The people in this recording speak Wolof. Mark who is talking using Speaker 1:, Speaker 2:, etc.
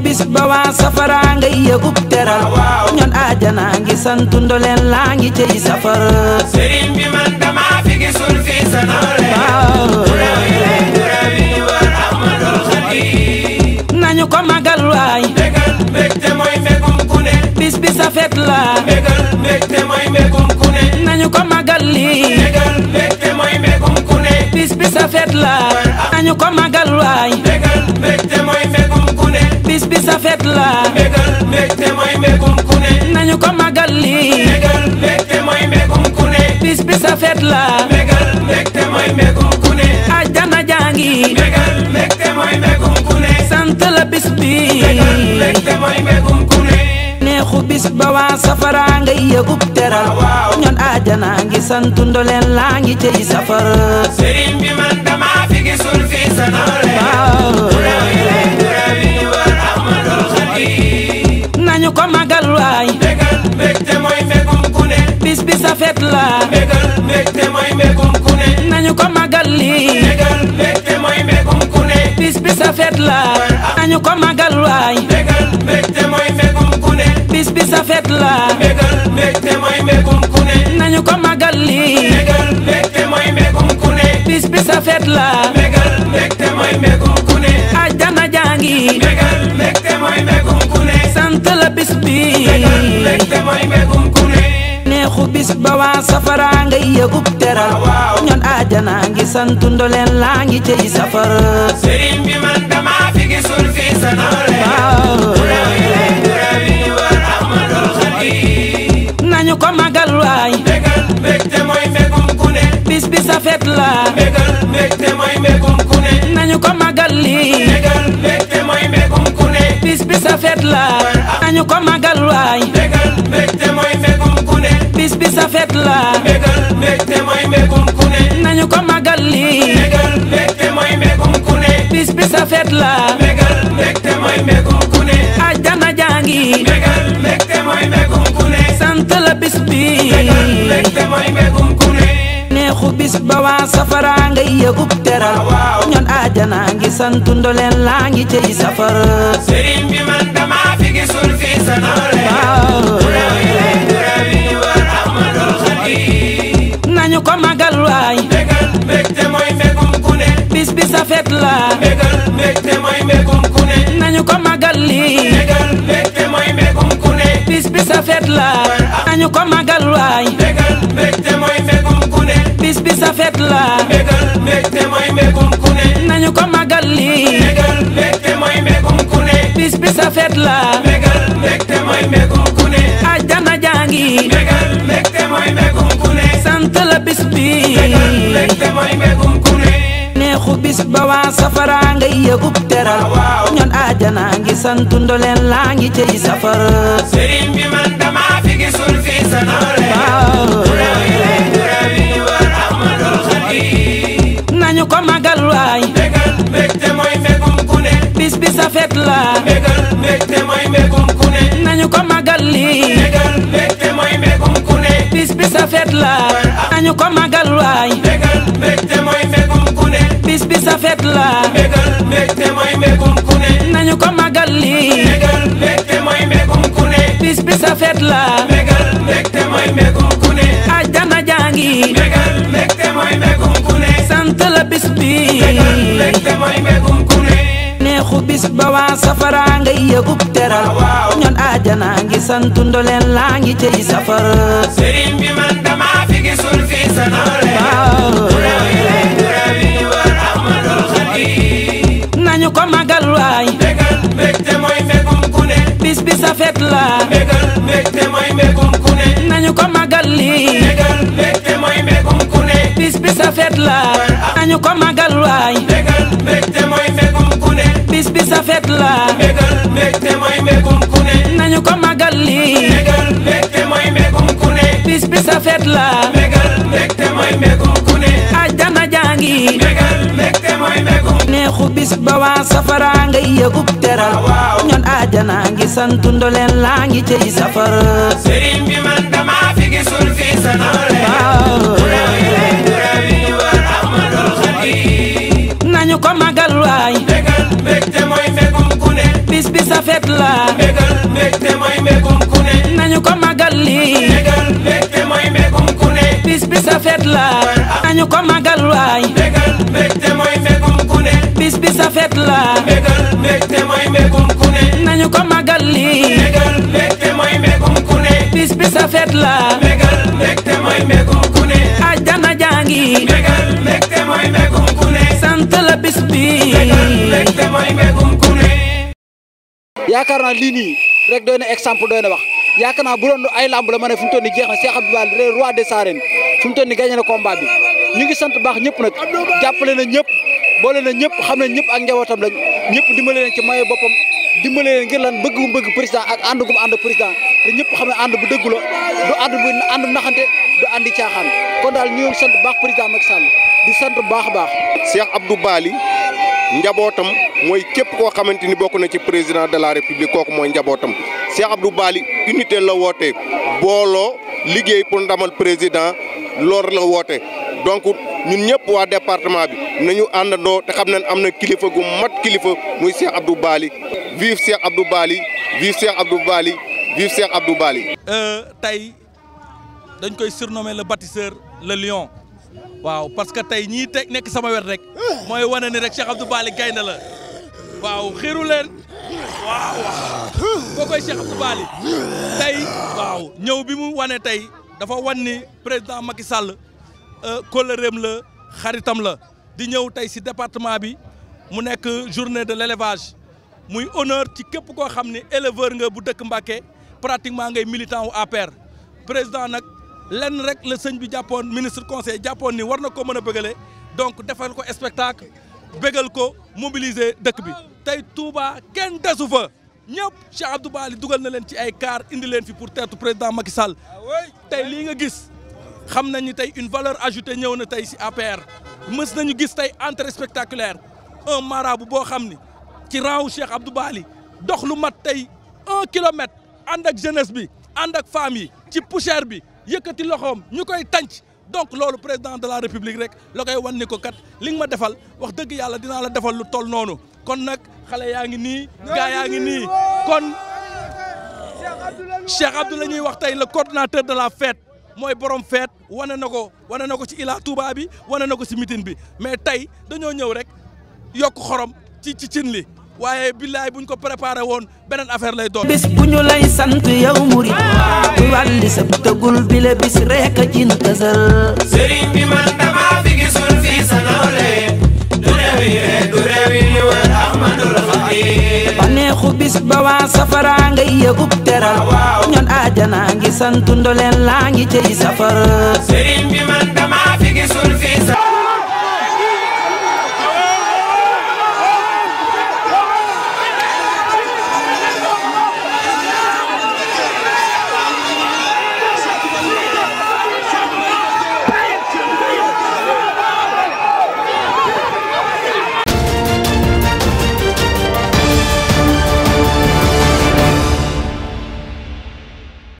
Speaker 1: bis bawa waa safara ngay yëgub teral ñoon aajana ngi santu ndoleen laa ngi cey safar sëriñ bi man dama fi gisul fi sa nawle burawi lay burawi war ahmadul xadi nañu ko magal waay bégal mbégte mooy mbégum ku ne bis bi safet la bégal mbégte mooy mbégum ku nañu ko magal lii bégal mbégte mooy mbégum ku ne bis bi safet la nañu ko magal waay bégal mbégte bégal mbégte mooy mbégum ku ne bis sa fet la bégal mbégte mooy mbégum ku ne ajjana jaangi bégal mbégte mooy mbégum ku ne sant la bis bi bégal mbégte mooy mbégum ku ne neexu bis ba waa safara nga yëgub teral ah, ñoon ajjana ngi sant ndoleen laa safar sëriñ bi man dama fi gisul fii sa nawle sa feet la nañu ko magal waay bégal mbégte mooy mbégum ku ne bis bi sa feet la bégal mbégte mooy mbégum ku ne nañu ko magal lii bégal mbégte mooy mbégum ku ne bis bi sa feet la bégal mbégte mooy mbégum ku ne ajjana jaangi bégal mbégte mooy mbégum ku ne sant la bis bi bégal mbégte mooy mbégum ku ne bànneexu ya bis bawa waa safara nga yëgub teral ñoon aajana ngi santu ndoleen laa ngi cey safar sëriñ bi man dama fi gisul fi sa nawle burawi lay burawi war ahmadul xadi nañu ko magal waay bégal mbégte mooy mbégum ku bis bi safet la bégal mbégte mooy mbégum ku ne nañu ko magal lii bégal mbégte mooy mbégum ku bis bi safet la nañu ko magal waay bégal mbégte mooy mbégum set la bégal mbégte mooy mbégum ku ne nañu ko magal lii bégal mbégte mooy mbégum ku ne bis bi sa fet la bégal mbégte mooy mbégum ku ne ajjana jaangi bégal mbégte mooy mbégum ku sant la bis bi bégal mbégte mooy mbégum ku neexu bis ba safara nga yëgub teral ah, ñoon ajjana ngi sant ndoleen laa ngi cëy safar sëriñ bi man dama fi gisul fii sa bëggal waay bégal mbégte mooy mbégum ku ne bis bi sa fet la bégal mbégte mooy mbégum ku ne nañu ko magal lii bégal mbégte mooy mbégum ku ne bis bi sa fet la nañu ko magal waay bégal mbégte mooy mbégum ku ne bis bi sa fet la bégal mbégte mooy mbégum ku ne nañu ko magal lii bégal mbégte mooy mbégum ku ne bis bi sa fet la bégal mbégte mooy mbégum ku ne ajjana jaangi bégal mbégte tala la bis bi bis ba waa safara nga santun teral ñon aljana ngi santu ndolen la ngi cey safar serim bi man dama fi sul fi nañu ko magal bis bi sa fet la nañu ko magal bis bi sa fet la añu ko magal waay bégal mbégte mooy mbégum fet la bégal mbégte mooy mbégum ku ne nañu ko fet la bégal mbégte mooy mbégum ku ne ajjana jaangi bégal mbégte mooy mbégum ku ne sant la bis bi bégal sant ba waa safara nga yëgub ya teral ñoon aja nangi santun dolen langi cey safar sëriñ bi man dama fi gisul fi sa nawle nañu ko magal waay bégal rafet la megal mbégte moy megum ku ne nañu ko magal li megal mbégte mooy mbégum ku ne bis bi safet la bégal mbégte moy megum ku ne ajjana jaangi bégal moy megum mbégum neexu bis ba waa safara ngay yegup teral ñon ajjana ngi santu ndolen la ngi cey safar serim bi man dama fi gisul fi sa nawle nañu ko magal waay set la mek te mooy me kum kune Nanyu ko magal li mek te mooy me kum kune bis bis a fet la mek te mooy me kum kune Ajana jangi mek te mooy me kum kune Sante la bis bi bégal mek te mbégum me kum kune
Speaker 2: naa lii nii
Speaker 1: rek doy na exemple doy
Speaker 2: na wax yaakaar naa bu doon ay lamb la ma ne fu mu toll nii jeex na Cheikh Abdou roi des arènes fu mu toll nii gagné na combat bi ñu ngi sante bax ñepp nak jàppale na ñepp boole na ñëpp xam nañ ñëpp a njabootam lañ ñëpp dimbale leen ci maye boppam dimbale leen ngir lan bëgg mu bëgg président ak ànd gu mu ànd président te ñëpp xam ne ànd bu dëggu la du ànd bu ànd naxante du àndi caaxaan kon daal ñu ngi sant baax président Macky Sall di sant baax a baax. Cheikh Abdou baali njabootam mooy képp koo xamante ni bokk na ci président de la république kooku mooy njabootam Cheikh Abdou baali unité la woote booloo liggéey pour ndamal président loolu la woote. donc ñun ñëpp waa département bi nañu àndandoo te xam nañ am na kilifa gu mat kilifa muy Cheikh Abdou Bali vive Cheikh Abdou Bali vive Cheikh Abdou Bali vive Cheikh Abdou Bali. Euh, tey dañ koy surnommer la bâtisseur le lion waaw parce que tey ñii teg nekk sama wet rek mooy wane ni rek Cheikh Abdou baali gaynde la waaw xiru leen waaw kookoy Cheikh Abdou Bali tey waaw ñëw bi mu wane tey dafa wan ni président Macky sàll Euh, kóllëreem le xaritam la di ñew tay ci département bi mu nek journée de l'élevage muy honneur ci képp ko xamni éleveur nga bu dëkk Mbacké pratiquement ngay militant wu APR président nak lenn rek le sëñ bi japon ministre conseil Japon, ni warna ko mëna a donc défal ko spectacle bégal ko mobiliser dëkk bi tay Touba kenn desu fa ñëpp Cheikh Abdou Bali dugal na leen ci ay car indi leen fi pour teertu président Macky Sall ah tey nga gis xam nañ ni tey une valeur ajoutée ñëw na tey si APR mës nañu gis tay entrée spectaculaire un marabout bo xamni ci raw Cheikh Abdou Bali dox lu mat tay 1 km and ak jeunesse bi and ak femme yi ci poussière bi yëkëti loxom ñukoy koy donc lolu président de la république rek lokay wone ko kat li nga ma defal wax dëgg yalla dina la défal lu toll nonu kon nak xalé yaangi ni gaay yaangi ni kon Cheikh Abdou lañuy wax tay le coordinateur de la fête. mooy boroom feet wane na ko wane na ko ci Ila Touba bi wane na ko ci mitin bi mais tey dañoo ñëw rek yokk xorom ci
Speaker 1: ci cin li waaye billaay buñ ko préparé woon beneen affaire lay doon. bis bu lay sant yow murid ku wàlli sa tëggul bi la bis rek a cin kësal. sëriñ bi man dama fi gisul fii sa nawle du réew du réew yi Ahmadul Xadim. baneexu bis ba waa safara ngay yëgub teral. naa ngi sant ndoleen laa ngi cey safar sëriñ bi man dama fi gisul fi